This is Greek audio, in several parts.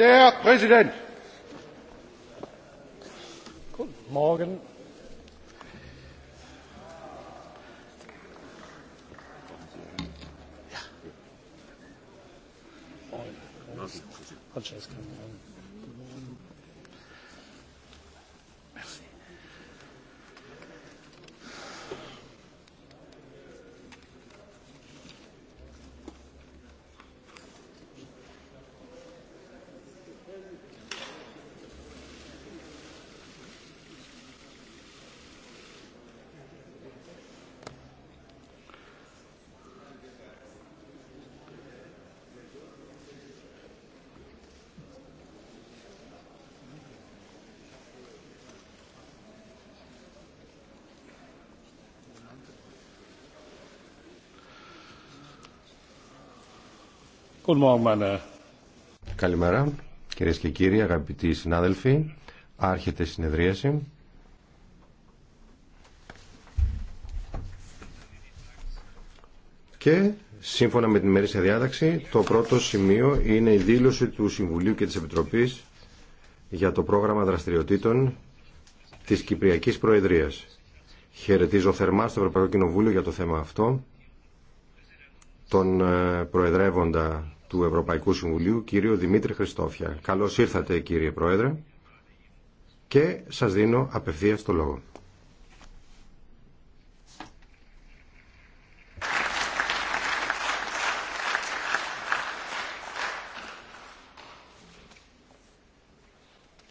Herr Präsident. Guten Morgen. Francesca. Merci. Καλημέρα, κυρίες και κύριοι, αγαπητοί συνάδελφοι. Άρχεται η συνεδρίαση. Και σύμφωνα με την ημερήσια διάταξη, το πρώτο σημείο είναι η δήλωση του Συμβουλίου και της Επιτροπής για το πρόγραμμα δραστηριοτήτων της Κυπριακής Προεδρίας. Χαιρετίζω θερμά στο Ευρωπαϊκό Κοινοβούλιο για το θέμα αυτό τον ε, Προεδρεύοντα του Ευρωπαϊκού Συμβουλίου, κύριο Δημήτρη Χριστόφια. Καλώς ήρθατε κύριε Πρόεδρε και σας δίνω απευθείας το λόγο.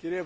Κύριε